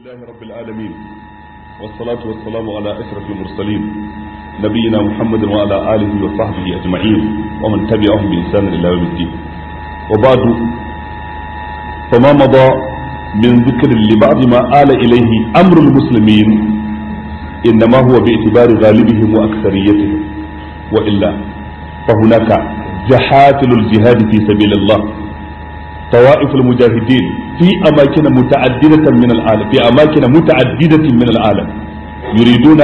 لله رب العالمين والصلاة والسلام على أشرف المرسلين نبينا محمد وعلى آله وصحبه أجمعين ومن تبعهم بإنسان إلى يوم الدين وبعد فما مضى من ذكر لبعض ما آل إليه أمر المسلمين إنما هو باعتبار غالبهم وأكثريتهم وإلا فهناك جحاتل الجهاد في سبيل الله طوائف المجاهدين في أماكن متعددة من العالم في أماكن متعددة من العالم يريدون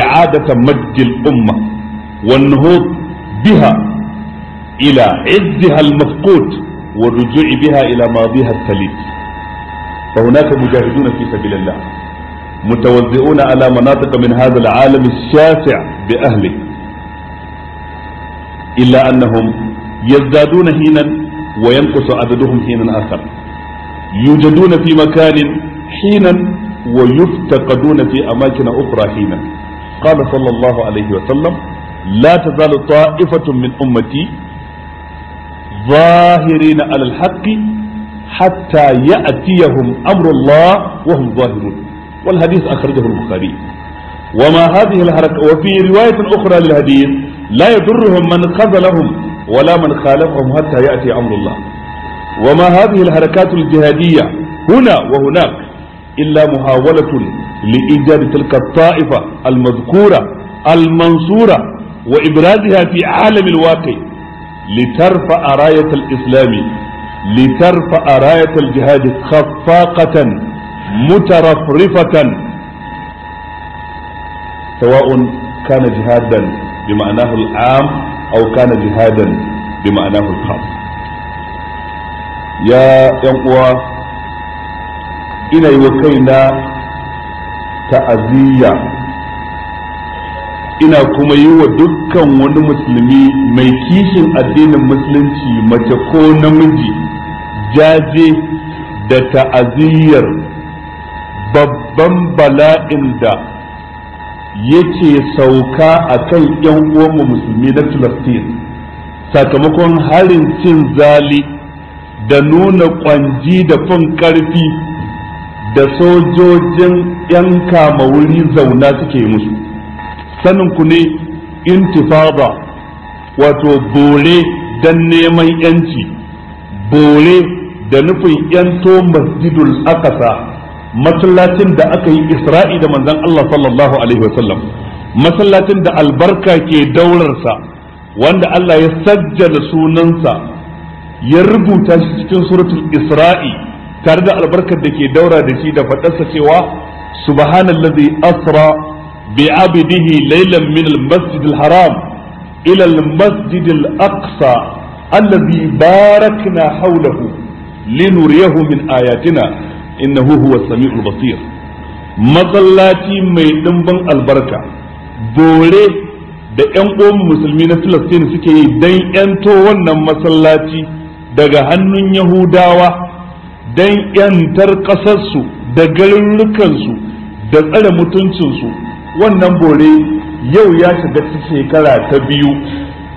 إعادة مجد الأمة والنهوض بها إلى عزها المفقود والرجوع بها إلى ماضيها السليم فهناك مجاهدون في سبيل الله متوزعون على مناطق من هذا العالم الشاسع بأهله إلا أنهم يزدادون هينا وينقص عددهم حينا آخر يوجدون في مكان حينا ويفتقدون في أماكن أخرى حينا قال صلى الله عليه وسلم لا تزال طائفة من أمتي ظاهرين على الحق حتى يأتيهم أمر الله وهم ظاهرون والحديث أخرجه البخاري وما هذه الحركة وفي رواية أخرى للحديث لا يضرهم من خذلهم ولا من خالفهم حتى يأتي أمر الله وما هذه الحركات الجهادية هنا وهناك إلا محاولة لإيجاد تلك الطائفة المذكورة المنصورة وإبرازها في عالم الواقع لترفع راية الإسلام لترفع راية الجهاد خفاقة مترفرفة سواء كان جهادا bi ma'anahu al'am jihadan bi ma'anahu ya yan uwa ina yi wa kaina ta'aziyya ina kuma yi wa dukkan wani musulmi mai kishin addinin musulunci mace ko namiji jaje da ta'aziyyar babban bala'in da yake sauka a kan yan uwanmu musulmi na Filistin sakamakon harin cin zali da nuna kwanji da fin karfi da sojojin yan kama wuri zauna suke musu sanin ku ne intifada wato bore don neman yanci bore da nufin 'yan to masjidul akasa masallacin da aka yi isra'i da manzon Allah sallallahu alaihi wasallam masallacin da albarka ke daurarsa wanda Allah ya sajjala sunansa ya rubuta shi cikin suratul isra'i tare da albarkar da ke daura da shi da faɗarsa cewa subhanallazi asra bi abidihi laylan min al haram ila al-masjid allazi aqsa alladhi barakna hawlahu linuriyahu min ayatina innahu huwa samiul basir masallaci mai ɗimbin albarka bore da yan uwan musulmi na Filistin suke yi dan yanto wannan masallaci daga hannun Yahudawa dan yantar da garurukansu da tsare mutuncinsu wannan bore yau ya shiga ta shekara ta biyu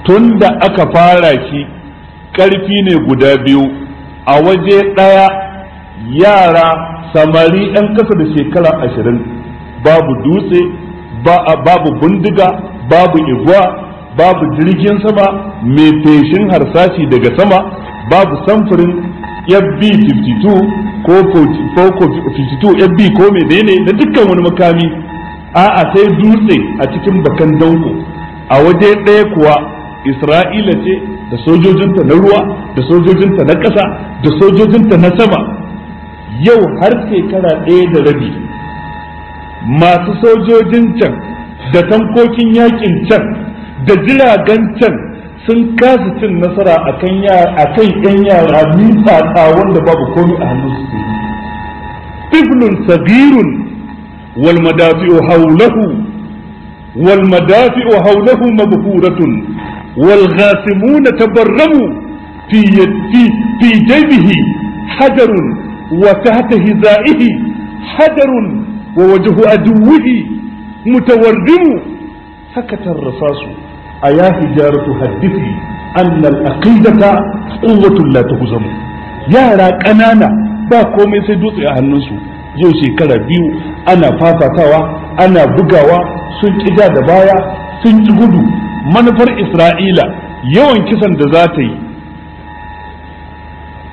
tun da aka fara shi ƙarfi ne guda biyu a waje ɗaya yara samari yan kasa da shekara ashirin babu dutse babu bindiga babu igwa babu jirgin sama mai feshin harsashi daga sama babu samfurin fb52 ko 52 fb ko menene na dukkan wani makami a'a sai dutse a cikin bakan danko a waje ɗaya kuwa isra'ila ce da sojojinta na ruwa da sojojinta na ƙasa da sojojinta na sama yau har shekara ɗaya da rabi masu sojojin can da tankokin yakin can da jiragen can sun kasa cin nasara a kan ‘yan yara mitsatsa wanda babu komi a hannun su ibnun sabirun walmadafi'u madafi'u haulahu wal haulahu mabhuratun wal tabarramu fi fi jaybihi hajarun وتحت هزائه حدر ووجه عدوه متورم سكت الرصاص أيا هجارة حدثي أن العقيدة قوة لا تهزم يا أنانا ba komai sai dutse hannunsu yau shekara biyu ana fafatawa ana bugawa sun ƙi da baya sun ƙi gudu manufar isra'ila yawan kisan da za ta yi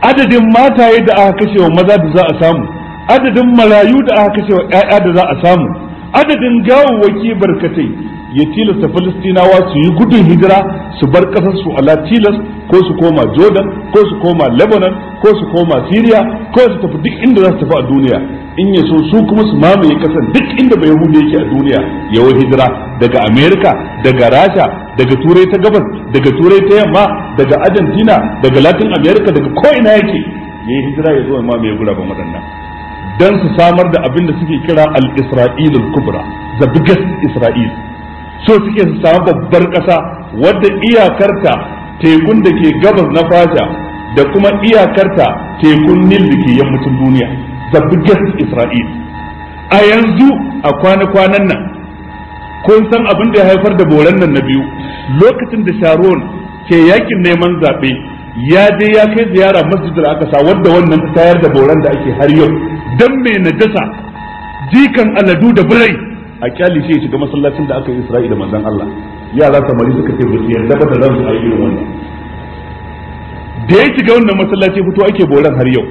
adadin mataye da aka kashe wa maza da za a samu adadin marayu da aka kashe wa ƴaƴa da za a samu adadin gawawwaki barkatai ya tilasta falastinawa su yi gudun hijira su bar kasar su ala tilas ko su koma jordan ko su koma lebanon ko su koma syria ko su tafi duk inda za su tafi a duniya in ya so su kuma su mamaye kasar duk inda bai yahudi yake a duniya Yawan hijira daga america daga rasha daga turai ta gabas daga turai ta yamma daga argentina daga latin america daga ko'ina yake ya yi hijira ya zo ma mai guraben waɗannan don su samar da abin da suke kira al-isra'il al-kubra the biggest isra'il so suke su samu babbar ƙasa wadda iyakarta tekun da ke gabas na fasha da kuma iyakarta tekun nil da ke yammacin duniya the biggest isra'il a yanzu a kwana-kwanan nan kun san abin da ya haifar da boran nan na biyu lokacin da sharon ke yakin neman zaɓe ya je ya kai ziyara aka sa, wadda wannan tayar da boran da ake har yau dan mai najasa jikan aladu da birai a kyali shi ya shiga masallacin da aka yi Isra'ila manzon Allah yara samari suka ce bisu yarda ba da zan su ayyukan wannan da ya shiga wannan masallaci fito ake boran har yau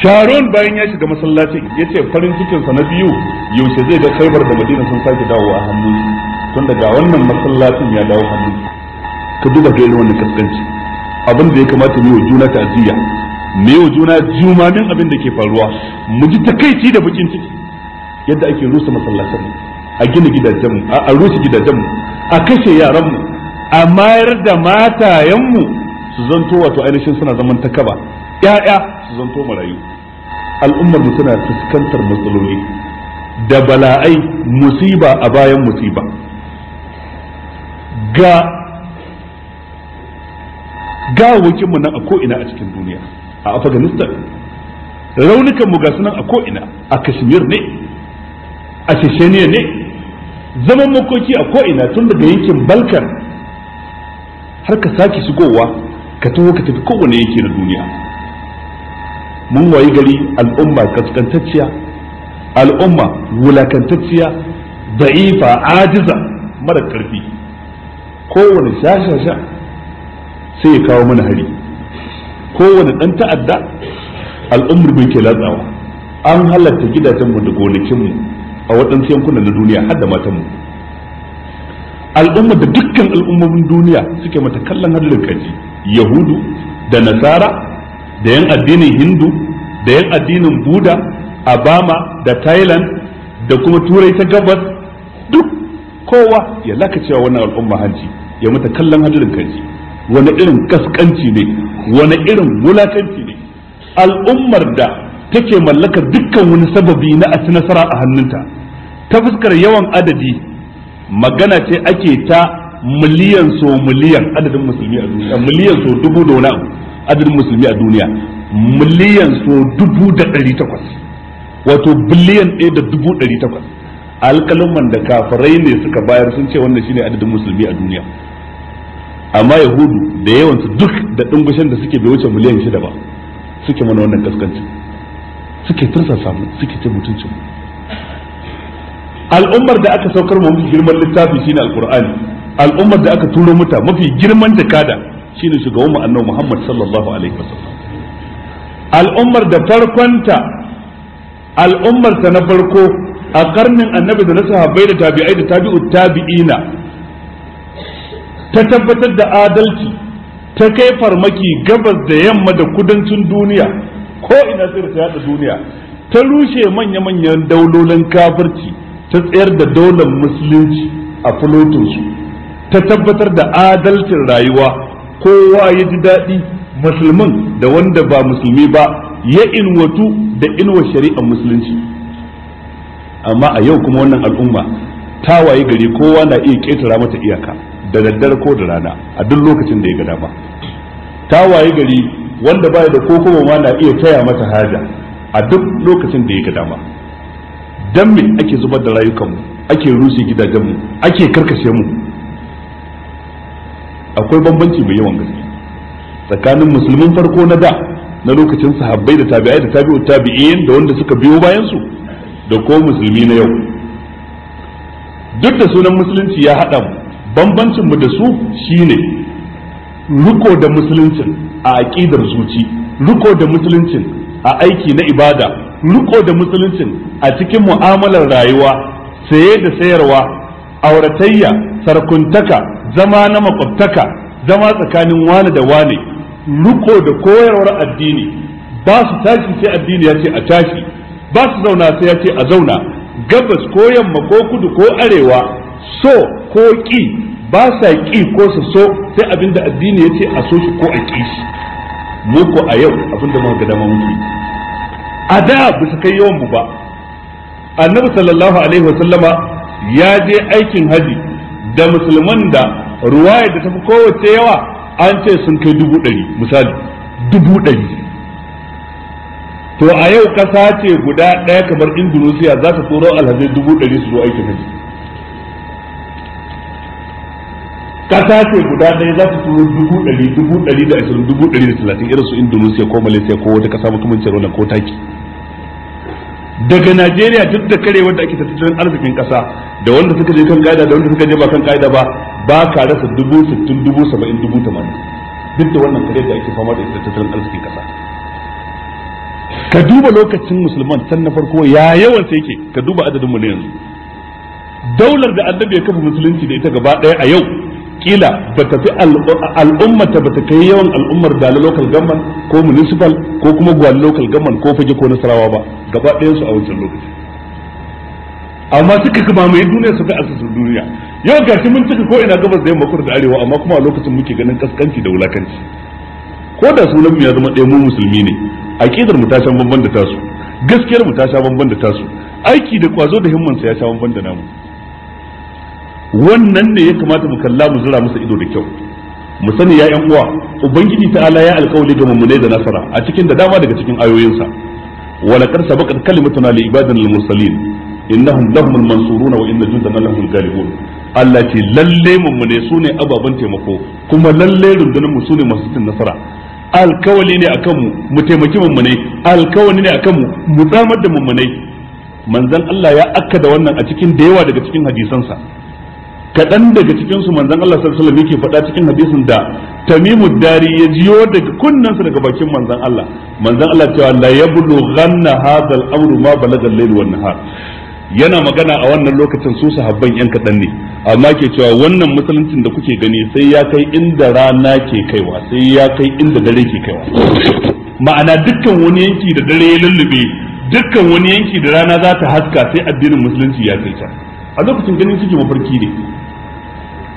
sharon bayan ya shiga masallacin ya ce farin cikinsa na biyu yaushe zai ga kaibar da madina sun sake dawo a hannun tun daga wannan masallacin ya dawo hannun ka duba ga irin wannan kaskanci abin da ya kamata ne wa juna ta'aziyya mu yi wa juna jumamin abin da ke faruwa mu ji takaici da bakin ciki yadda ake rusa masallacin a gina gidajenmu a rusa gidajenmu a kashe yaranmu a mayar da matayenmu su zanto wato ainihin suna zaman takaba ya'ya su zanto marayu al'ummar mu suna fuskantar matsaloli da bala'ai musiba a bayan musiba ga gawakin mu nan a ko'ina a cikin duniya a afghanistan raunukan mu ga sunan a ko'ina a kashmir ne a Shishaniya ne zaman makoki a ko'ina tun daga yankin balkan har ka sake shigowa ka taho ka tafi kowane yanki na duniya mun wayi gari al'umma kaskantacciya al'umma wulakantacciya da'ifa ajiza mara karfi kowane shashasha sai ya kawo mana hari kowane dan ta'adda al'ummar mu ke latsawa an halatta gidajenmu da gonakinmu a waɗansu yankunan na duniya har da matanmu al'ummar da dukkan al'ummomin duniya suke mata kallon hadarin kaji yahudu da nasara da yan addinin hindu da yan addinin buda Abama, da thailand da kuma turai ta gabas duk kowa ya lakacewa wannan al'umma hanci, ya mata kallon hadirin kanci. wani irin kaskanci ne wani irin wulakanci ne al'ummar da take mallakar dukkan wani sababi na a nasara a hannunta ta fuskar yawan adadi magana ce ake ta miliyan so miliyan adadin musulmi a duniya miliyan so dubu da wani abu adadin musulmi a duniya miliyan so dubu da ɗari takwas wato biliyan ɗaya da dubu ɗari takwas Alkalin da kafirai ne suka bayar sun ce wannan shine adadin musulmi a duniya amma yahudu da yawansu duk da ɗungushen da suke bai wuce miliyan shida ba suke mana wannan kaskancin suke tursa samu suke ce mutuncin al'ummar da aka saukar mu mafi girman littafi shine alqur'ani al'ummar da aka turo muta mafi girman jakada shine shugaban mu annabi Muhammad sallallahu alaihi wasallam al'ummar da farkonta al'ummar ta na farko a karnin annabi da na sahabbai da tabi'ai da tabi'u tabi'ina ta tabbatar da adalci ta kai farmaki gabas da yamma da kudancin duniya ko ina sai ta yada duniya ta rushe manya-manyan daulolin kafirci ta tsayar da daular musulunci a fulotinsu ta tabbatar da adalcin rayuwa kowa ya ji daɗi musulmin da wanda ba musulmi ba ya inwatu da inwa shari'ar musulunci amma a yau kuma wannan al'umma ta waye gari kowa na iya ƙetara mata iyaka da daddare ko da rana a duk lokacin da ya ga dama ta waye gari wanda baya da ko ma na iya taya mata haja a duk lokacin da ya ga dama dan me ake zubar da rayukanmu ake rushe gidajenmu ake karkashe mu akwai bambanci mai yawan gaske tsakanin musulmin farko na da na lokacin sahabbai da tabi'ai da tabi'u tabi'in da wanda suka biyo bayan su da ko musulmi na yau duk da sunan musulunci ya haɗa bambancin mu da su shine riko da musuluncin a aƙidar zuci riko da musuluncin a aiki na ibada riko da musuluncin a cikin mu'amalar rayuwa saye da sayarwa auratayya sarkuntaka zama na makwabtaka zama tsakanin wani da wani riko da koyarwar addini ba su tashi sai addini ya ce a tashi ba su zauna sai ya ce a zauna gabas ko yamma ko kudu ko arewa so ko ki ba sa ki ko su so sai abinda addini ya ce a so shi ko a ki shi mu a yau abinda muka ga dama muke a da ba su kai yawan mu ba annabi sallallahu alaihi wasallama ya je aikin haji da musulman da ruwaya da tafi kowace yawa an ce sun kai dubu ɗari misali dubu ɗari to a yau ƙasa ce guda ɗaya kamar indonesia za ta tsoro alhazai dubu ɗari su zo aikin hajji ƙasa ce guda ɗaya za ta tsoro dubu ɗari dubu ɗari da ashirin dubu ɗari da talatin irin su indonesia ko malaysia ko wata ƙasa mutumin wannan ko taki daga Najeriya duk da kare wanda ake tattalin arzikin kasa da wanda suka je kan kaida da wanda suka je ba kan kaida ba ba ka rasa dubu sittin dubu saba'in dubu tamanin duk da wannan kare da ake fama da tattalin arzikin kasa ka duba lokacin musulman can na farko ya yawan sai yake ka duba adadin mu ne yanzu daular da annabi ya kafa musulunci da ita gaba daya a yau kila ba tafi al'ummata ba ta kai yawan al'ummar da local government ko municipal ko kuma gwal local government ko fage ko nasarawa ba gaba ɗayan su a wancan lokaci amma suka ka mai duniya suka asusun duniya yau ga shi mun cika ko ina gabas da yamma kudu da arewa amma kuma a lokacin muke ganin kaskanci da wulakanci ko da sunan mu ya zama ɗaya mu musulmi ne aƙidar mu ta sha bamban da tasu gaskiyar mu ta sha bamban da tasu aiki da kwazo da himman sa ya sha bamban da namu wannan ne ya kamata mu kalla mu zura masa ido da kyau mu sani ya yan uwa ubangiji ta'ala ya alƙawari ga mummune da nasara a cikin da dama daga cikin ayoyinsa ولقد سبقت كلمتنا لعبادنا المرسلين innahum lahumul mansuruna wa inna jundana lahumul ghalibun Allah ce lalle mu ne sune ababan taimako kuma lalle rundunar mu sune masu cin nasara alkawali ne akan mu mu taimaki mu ne alkawali ne akan mu mu tsamar da mu ne manzon Allah ya akkada wannan a cikin da yawa daga cikin hadisansa kaɗan daga cikinsu manzan Allah sallallahu alaihi yake faɗa cikin hadisin da tamimu dari ya jiyo daga kunnensa daga bakin manzan Allah manzan Allah cewa la yablu ghanna amru ma balaga al-layl nahar yana magana a wannan lokacin su sahabban yan kaɗan ne amma ke cewa wannan musuluncin da kuke gani sai ya kai inda rana ke kaiwa sai ya kai inda dare ke kaiwa ma'ana dukkan wani yanki da dare ya lullube dukkan wani yanki da rana za ta haska sai addinin musulunci ya kai a lokacin ganin suke mafarki ne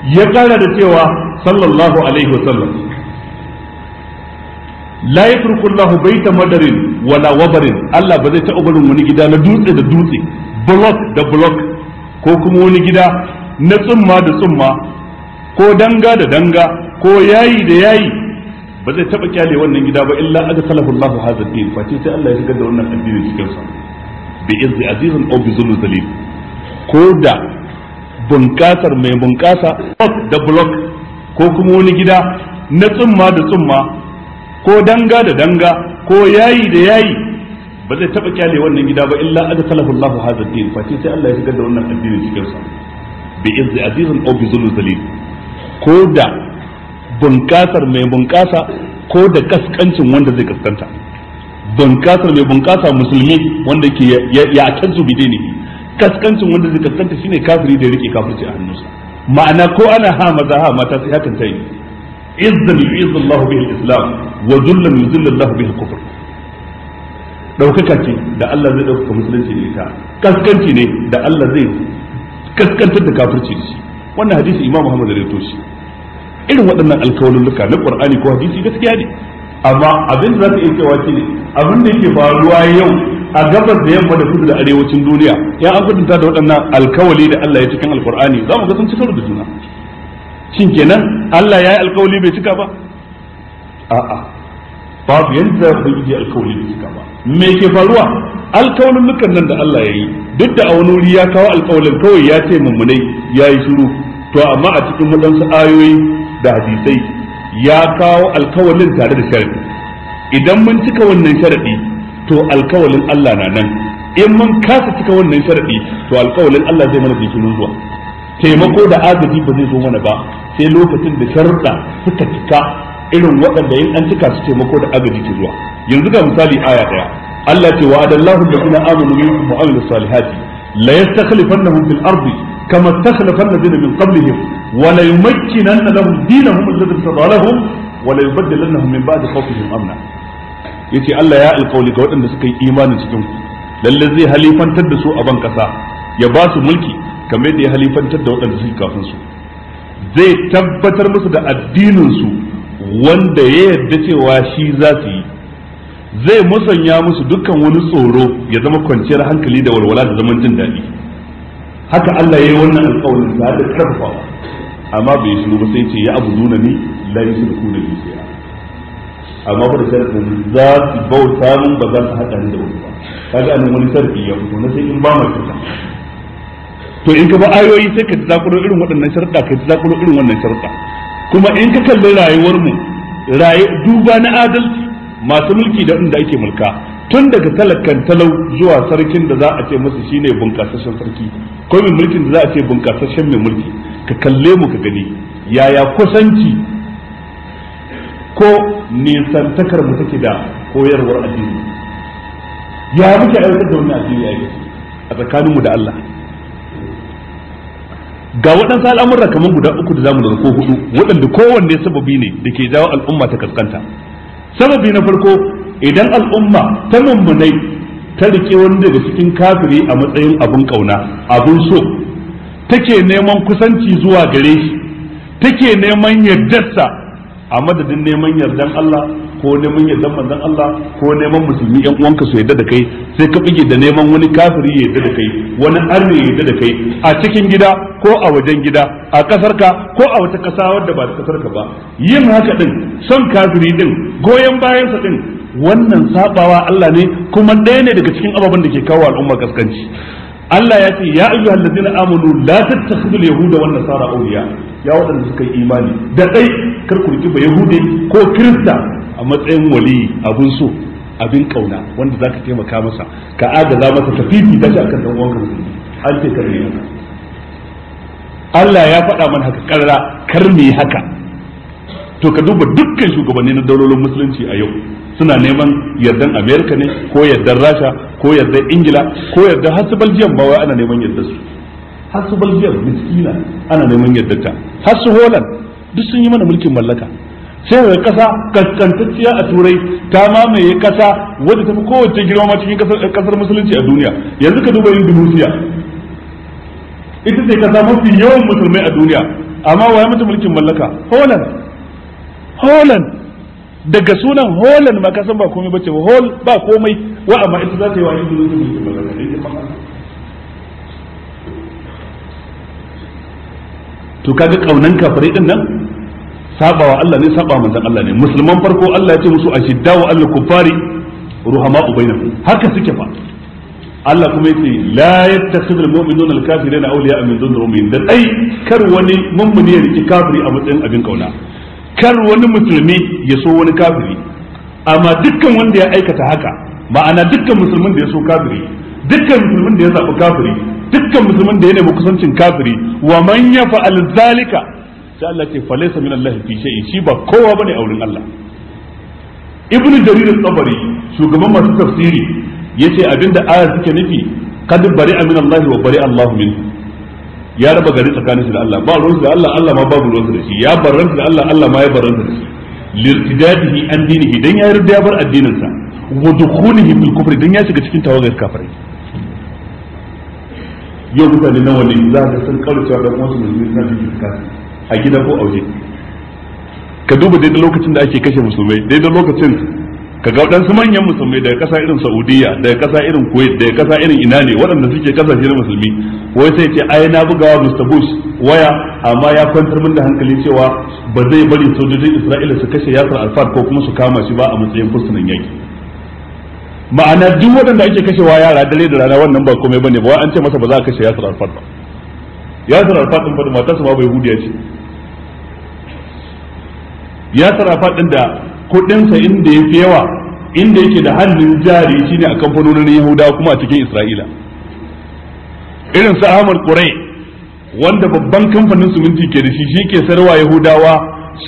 ya kara da cewa sallallahu alaihi wasallam la yatruku Allah baita madarin wala wabarin Allah ba zai taɓa barin wani gida na dutse da dutse block da block ko kuma wani gida na tsumma da tsumma ko danga da danga ko yayi da yayi ba zai taɓa kyale wannan gida ba illa aga salahu Allah hadha din fa sai Allah ya shigar da wannan addinin cikin sa bi izzi azizun aw bi zulm zalil ko da bunkasar mai bunkasa da block ko kuma wani gida na tsumma da tsumma ko danga da danga ko yayi da yayi ba zai taba kyale wannan gida ba illa aka salafu Allahu haza din fa sai Allah ya shigar da wannan addinin cikin sa bi izzi azizun aw bi zulul zalil ko da bunkasar mai bunkasa ko da kaskancin wanda zai kaskanta bunkasar mai bunkasa musulmi wanda ke ya kanzu bidini kaskancin wanda zai kaskanta shine kafiri da rike kafirci a hannunsa ma'ana ko ana ha maza ha mata sai hakan ta yi izzan yu'izzu Allah bihi al-islam wa dhullan yuzillu Allah bihi al-kufr daukaka ce da Allah zai dauka musulunci da ita kaskanci ne da Allah zai kaskantar da kafirci da shi wannan hadisi Imam Muhammad da Toshi irin waɗannan alkawalulluka na Qur'ani ko hadisi gaskiya ne amma abin da za ka iya cewa shine abin da yake faruwa yau a gabas da yamma da kudu da arewacin duniya ya an kudunta da waɗannan alkawali da Allah ya cikin alkur'ani za mu ga sun cikar da juna shin kenan Allah ya yi alkawali bai cika ba a'a babu yadda yi alkawali bai cika ba me ke faruwa alkawalin nan da Allah ya yi duk da a wani wuri ya kawo alkawalin kawai ya ce mummunai ya yi shiru to amma a cikin waɗansu ayoyi da hadisai ya kawo alkawalin tare da sharadi idan mun cika wannan sharadi to alkawalin Allah na nan in mun kasa cika wannan sharadi to alkawalin Allah zai mana jikin zuwa taimako da agaji ba zai zo mana ba sai lokacin da sharuɗa suka cika irin waɗanda yin an cika su taimako da agaji ke zuwa yanzu ga misali aya daya Allah ce wa adallahu alladhina amanu minkum wa amilus salihati la yastakhlifannahum fil ardi kama istakhlafa alladhina min qablihim wa la yumakkinanna lahum dinahum alladhi tadalahum wa la yubaddilannahum min amna yace Allah ya alƙawli ga waɗanda suka yi imani cikin ku lalle zai halifantar da su a ban kasa ya ba su mulki kamar yadda ya halifantar da waɗanda suke kafin su zai tabbatar musu da addinin su wanda ya yarda cewa shi za su yi zai musanya musu dukkan wani tsoro ya zama kwanciyar hankali da walwala da zaman jin daɗi haka Allah ya yi wannan alƙawarin da ya karfafawa amma bai shiru ba sai ce ya abu nuna ni la yushriku da bi amma ba da sharfin za su bauta mun ba za su haɗa ni da wani ba kaga anan wani sharfi ya fito na sai in ba mai kusa. to in ka ba ayoyi sai ka ji zakuro irin waɗannan sharɗa ka ji zakuro irin wannan sharɗa kuma in ka kalli rayuwar mu duba na adalci masu mulki da inda ake mulka tun daga talakan talau zuwa sarkin da za a ce masa shine bunkasashen sarki ko mai mulkin da za a ce bunkasashen mai mulki ka kalle mu ka gani yaya kusanci ko nisantakar mu take da koyarwar addini ya muke aiwatar da wannan addini a yi a tsakaninmu da Allah ga waɗansu al'amurra kamar guda uku da zamu daga ko hudu waɗanda kowanne sababi ne da ke jawo al'umma ta kaskanta sababi na farko idan al'umma ta mummunai ta rike wani daga cikin kafiri a matsayin abun kauna abun so take neman kusanci zuwa gare shi take neman yardarsa a madadin neman yardan Allah ko neman yardan manzon Allah ko neman musulmi yan uwanka su yarda da kai sai ka bige da neman wani kafiri ya yarda da kai wani arne ya yarda da kai a cikin gida ko a wajen gida a ƙasar ka ko a wata kasa wadda ba ƙasar ka ba yin haka din son kafiri din goyon bayan sa din wannan sabawa Allah ne kuma ɗaya ne daga cikin ababen da ke kawo al'umma kaskanci Allah ya ce ya ayyu allazina amanu la tattakhidul yahuda wan nasara awliya ya wadanda suka yi imani da dai kar ku riki ba yahude ko kirista a matsayin wali abun so abin kauna wanda zaka taimaka masa ka agaza masa ka da shi akan dan uwanka musulmi an ce kar ne Allah ya faɗa mana haka karra kar mai haka to ka duba dukkan shugabanni na daulolin musulunci a yau suna neman yardan amerika ne ko yardan rasha ko yardan ingila ko yardan hasu belgium ba wai ana neman yardan su hasu belgium miskila ana neman yardan ta hasu holan. duk sun yi mana mulkin mallaka sai daga kasa kaskantacciya a turai ta mamaye kasa wadda ta fi kowace girma cikin kasar musulunci a duniya yanzu ka duba indonesia ita ce kasa mafi yawan musulmai a duniya amma ya mata mulkin mallaka holland holland daga sunan holan ma kasan ba komai ba bace ba hol ba komai wa amma ita za ta yi wa indonesia mulkin mallaka to kaga kaunan kafirai din nan sabawa Allah ne saba manzon Allah ne musulman farko Allah ya ce musu ashiddaw al kuffari ruhama'u bainahum haka suke fa Allah kuma yace la yattakhidhu al-mu'minuna al-kafirina awliya'a min dunil mu'minin dan ai kar wani mummuni ya riki kafiri a matsayin abin kauna kar wani musulmi ya so wani kafiri amma dukkan wanda ya aikata haka ma'ana dukkan musulmin da ya so kafiri dukkan musulmin da ya zaɓi kafiri dukkan musulmin da ya nemi kusancin kafiri wa man yaf'al zalika sai Allah ce falaysa min Allah fi shay'in shi ba kowa bane a wurin Allah ibn jarir al-tabari shugaban masu tafsiri yace abinda ayar take nufi kad bari'a min Allah wa bari'a Allah min ya raba gari tsakanin shi da Allah ba ruwansa da Allah Allah ma babu ruwansa da shi ya barranta da Allah Allah ma ya barranta da shi lirtidadihi an dinihi dan ya yarda ya bar addinin sa wa dukhulihi fil kufr dan ya shiga cikin tawagar kafirai yau mutane nawa ne za ka san karu cewa kuma su musulmi suna cikin iska a gida ko auje ka duba daidai lokacin da ake kashe musulmai daidai lokacin ka ga waɗansu manyan musulmai daga ƙasa irin saudiya daga ƙasa irin kuwait daga ƙasa irin ina ne waɗanda suke ƙasashe na musulmi wai sai ce ai na bugawa mr bush waya amma ya kwantar min da hankali cewa ba zai bari sojojin isra'ila su kashe yasir alfar ko kuma su kama shi ba a matsayin fursunan yaki ma'ana duk waɗanda ake kashewa yara dare da rana wannan ba komai bane ba an ce masa ba za a kashe yasir arfat ba yasir arfat din fadi matarsa ba bai hudiya ce yasir arfat din da kuɗinsa inda ya fi yawa inda yake da hannun jari shine a kamfanonin yahudawa kuma a cikin isra'ila irin su ahmad kurai wanda babban kamfanin suminti ke da shi shi ke sarwa yahudawa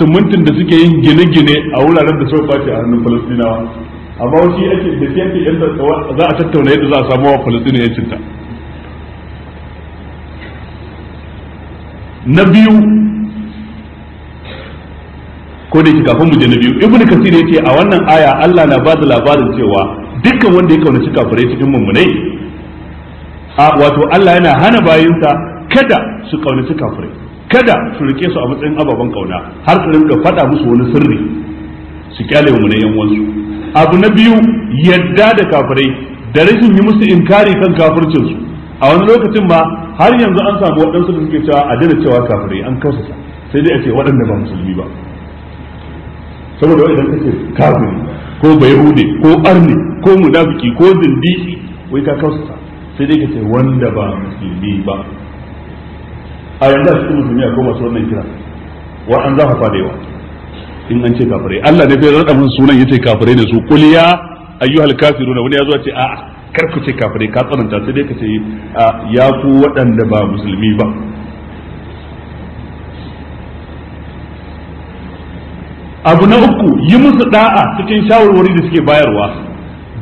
sumuntin da suke yin gine-gine a wuraren da suka kwace a hannun falastinawa amma shi ake da shi yadda yanda za a tattauna yadda za a samu wa falastinu ya ta na biyu ko da kafin mu je na biyu ibnu kasir yace a wannan aya Allah na ba da labarin cewa dukkan wanda ya kaunaci kafirai cikin mummunai a wato Allah yana hana bayinsa kada su kaunaci kafirai kada su rike su a matsayin ababen kauna har su rinka faɗa musu wani sirri su kyale mummunai yan wansu abu na biyu yadda da kafirai da rashin yi musu inkari kan kafircin su a wani lokacin ma har yanzu an samu waɗansu da suke cewa a daina cewa kafirai an sa sai dai a ce waɗanda ba musulmi ba saboda wa idan ka ce kafiri ko bayahude ko arni ko munafiki ko zindiki wai ka sa sai dai ka ce wanda ba musulmi ba a yanzu a cikin musulmi akwai masu wannan kira an za fa faɗewa. yawa in an ce kafirai Allah ne bai rada mun sunan yace kafirai ne su kulliya ya ayyuhal kafiruna wani yazo ce a'a kar ku ce kafirai ka tsananta sai dai ka ce ya ku waɗanda ba musulmi ba abu na uku yi musu da'a cikin shawarwari da suke bayarwa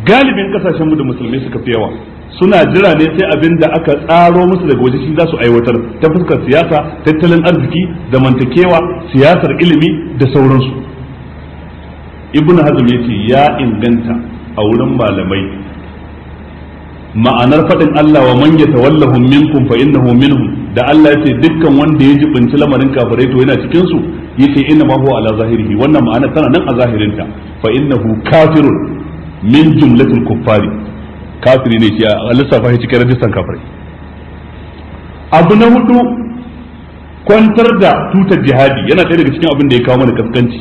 galibin mu da musulmi suka fi yawa suna jira ne sai abin da aka tsaro musu daga waje shi za su aiwatar ta fuskar siyasa tattalin arziki zamantakewa siyasar ilimi da sauransu ibn hazm yace ya inganta a wurin malamai ma'anar faɗin Allah wa man yatawallahum minkum fa innahu minhum da Allah yace dukkan wanda ya jibinci lamarin kafirai to yana cikin su yace inna ma huwa ala zahirihi wannan ma'ana tana nan a zahirinta fa innahu kafirun min jumlatul kuffari kafiri ne shi a lissafa shi cikin rajistan kafirai abu na hudu kwantar da tutar jihadi yana ɗaya daga cikin abin da ya kawo mana kaskanci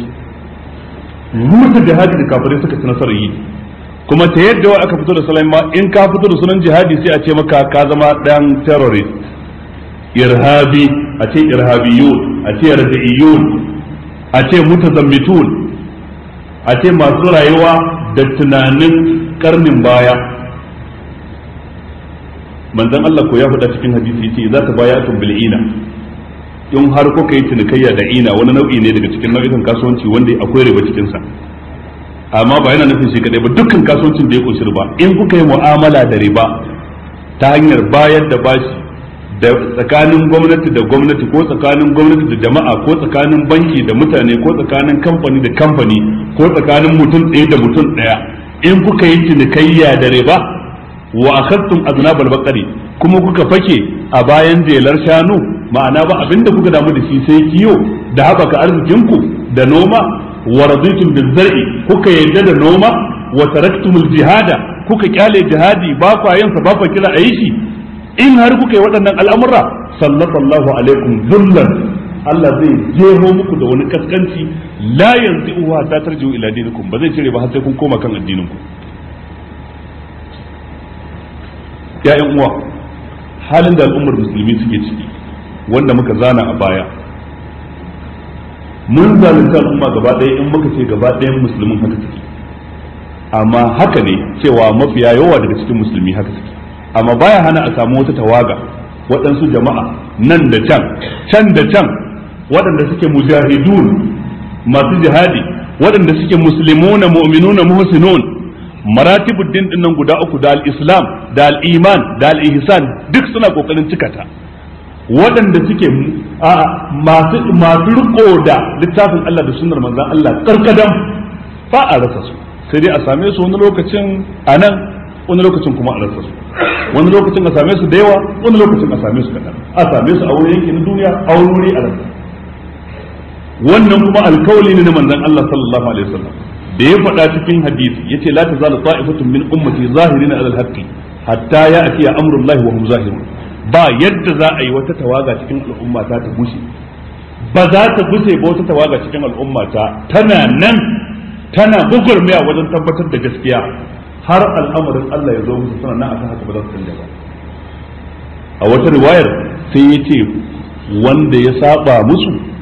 rusa jihadi da kafirai suka ci nasarar yi kuma ta yadda wa aka fito da salon ma in ka fito da sunan jihadi sai a ce maka ka zama ɗan terrorist irhabi a ce irhabiyun a ce radiyun a ce mutazammitun a ce masu rayuwa da tunanin karnin baya manzon Allah ko ya faɗa cikin hadisi yace baya tun bil ina in har ko kai cinikayya da ina wani nau'i ne daga cikin nau'ikan kasuwanci wanda akwai riba cikin sa amma ba yana nufin shi kadai ba dukkan kasuwancin da ya kunshi riba in kuka yi mu'amala da riba ta hanyar bayar da bashi da tsakanin gwamnati da gwamnati ko tsakanin gwamnati da jama'a ko tsakanin banki da mutane ko tsakanin kamfani da kamfani ko tsakanin mutum ɗaya da mutum ɗaya in kuka yi cinikayya da riba wa akhadtum aznab al-baqari kuma kuka fake a bayan jelar shanu ma'ana ba abinda kuka damu da shi sai kiyo da haɓaka arzikinku da noma wa raditum bil-zar'i kuka yadda da noma wa taraktumul jihada kuka kyale jihadi ba kwa yin sa ba kwa kira ayi shi in har kuka yi waɗannan al'amura sallallahu alaikum zullan Allah zai jeho muku da wani kaskanci la yanzu uwa ta tarjiu ila dinikum ba zai cire ba har sai kun koma kan addinin ku ya'yan uwa halin da al'ummar musulmi suke ciki wanda muka zana a baya mun zalunta al'umma gaba ɗaya in muka ce gaba ɗaya musulmin haka take amma haka ne cewa mafiya yawa daga cikin musulmi haka take amma baya hana a samu wata tawaga waɗansu jama'a nan da can can da can waɗanda suke mujahidun masu jihadi waɗanda suke muslimuna mu'minuna muhsinun maratibud din din nan guda uku da al-islam da al-iman da al-ihsan duk suna kokarin cika ta waɗanda suke a masu masu riko da littafin Allah da sunnar manzon Allah karkadan fa a rasa su sai dai a same su wani lokacin a nan wani lokacin kuma a rasa su wani lokacin a same su da yawa wani lokacin a same su kaɗan a same su a wurin yanki na duniya a wani wuri a rasa wannan kuma alkawali ne na manzon Allah sallallahu alaihi wasallam da ya faɗa cikin hadisi ya ce la tazalu ta'ifatun min ummati zahiri alal haqqi hatta ya'ti amrullahi wa hum zahirun ba yadda za a yi wata tawaga cikin al'umma ta ta gushe ba za ta gushe ba wata tawaga cikin al'umma ta tana nan tana gugurmiya wajen tabbatar da gaskiya har al'amarin Allah ya zo musu suna nan akan haka ba za su canja ba a wata riwayar sai ya ce wanda ya saba musu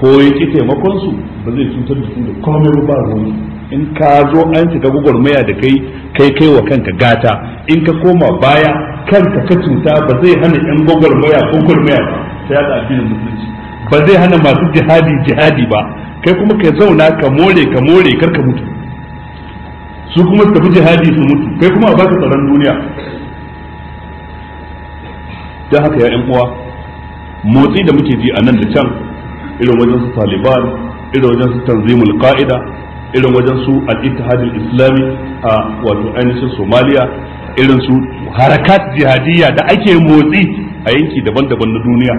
ko ya taimakon su ba zai cutar da su da komai ba ruwan in ka zo an shiga gwagwarmaya da kai kai kai wa kanka gata in ka koma baya kanka ka cuta ba zai hana yan gwagwarmaya ko gwagwarmaya ba ta yada addinin musulunci ba zai hana masu jihadi jihadi ba kai kuma ka zauna ka more ka more kar ka mutu su kuma su tafi jihadi su mutu kai kuma a baka tsaron duniya don haka ya yan uwa motsi da muke ji a nan da can irin wajen su taliban irin wajen su tanzimul qa'ida irin wajen su al-ittihad al-islami a wato ainihin somaliya irin su harakat jihadiyya da ake motsi a yanki daban-daban na duniya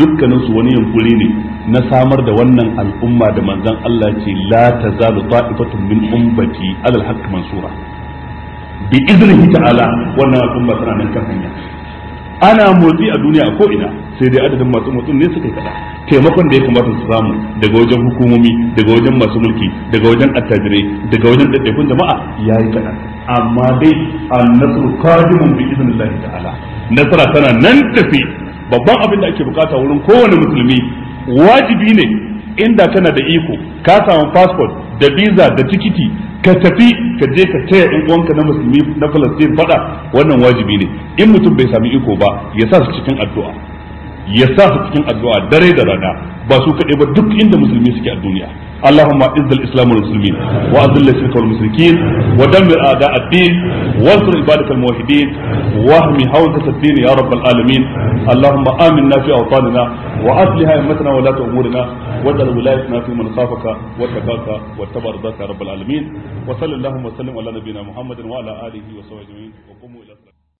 dukkanin su wani yunkuri ne na samar da wannan al'umma da manzon Allah ce la tazalu ta'ifatun min ummati alal haqq mansura bi idnihi ta'ala wannan al'umma tana nan kan hanya ana motsi a duniya a ko'ina sai dai adadin masu motsin ne suka yi kada taimakon da ya kamata su samu daga wajen hukumomi daga wajen masu mulki daga wajen attajirai daga wajen ɗaiɗaikun jama'a ya yi kada amma dai annasru qadimun bi idnillahi ta'ala nasara tana nan tafi babban abin da ake bukata wurin kowane musulmi wajibi ne inda kana da iko ka samu passport da biza da tikiti ka tafi ka je ka taya in uwanka na musulmi na falastin faɗa, wannan wajibi ne in mutum bai sami iko ba ya sa su cikin addu'a ya sa su cikin addu'a dare da rana ba su kaɗai ba duk inda musulmi suke a duniya اللهم اعز الاسلام والمسلمين واذل الشرك والمشركين ودمر اعداء الدين وانصر عبادك الموحدين واهم حوزه الدين يا رب العالمين اللهم امنا في اوطاننا واصلح ائمتنا ولاة امورنا واجعل ولايتنا في من خافك واتقاك واتبع رضاك يا رب العالمين وصلى اللهم وسلم على نبينا محمد وعلى اله وصحبه اجمعين وقوموا الى الصلاه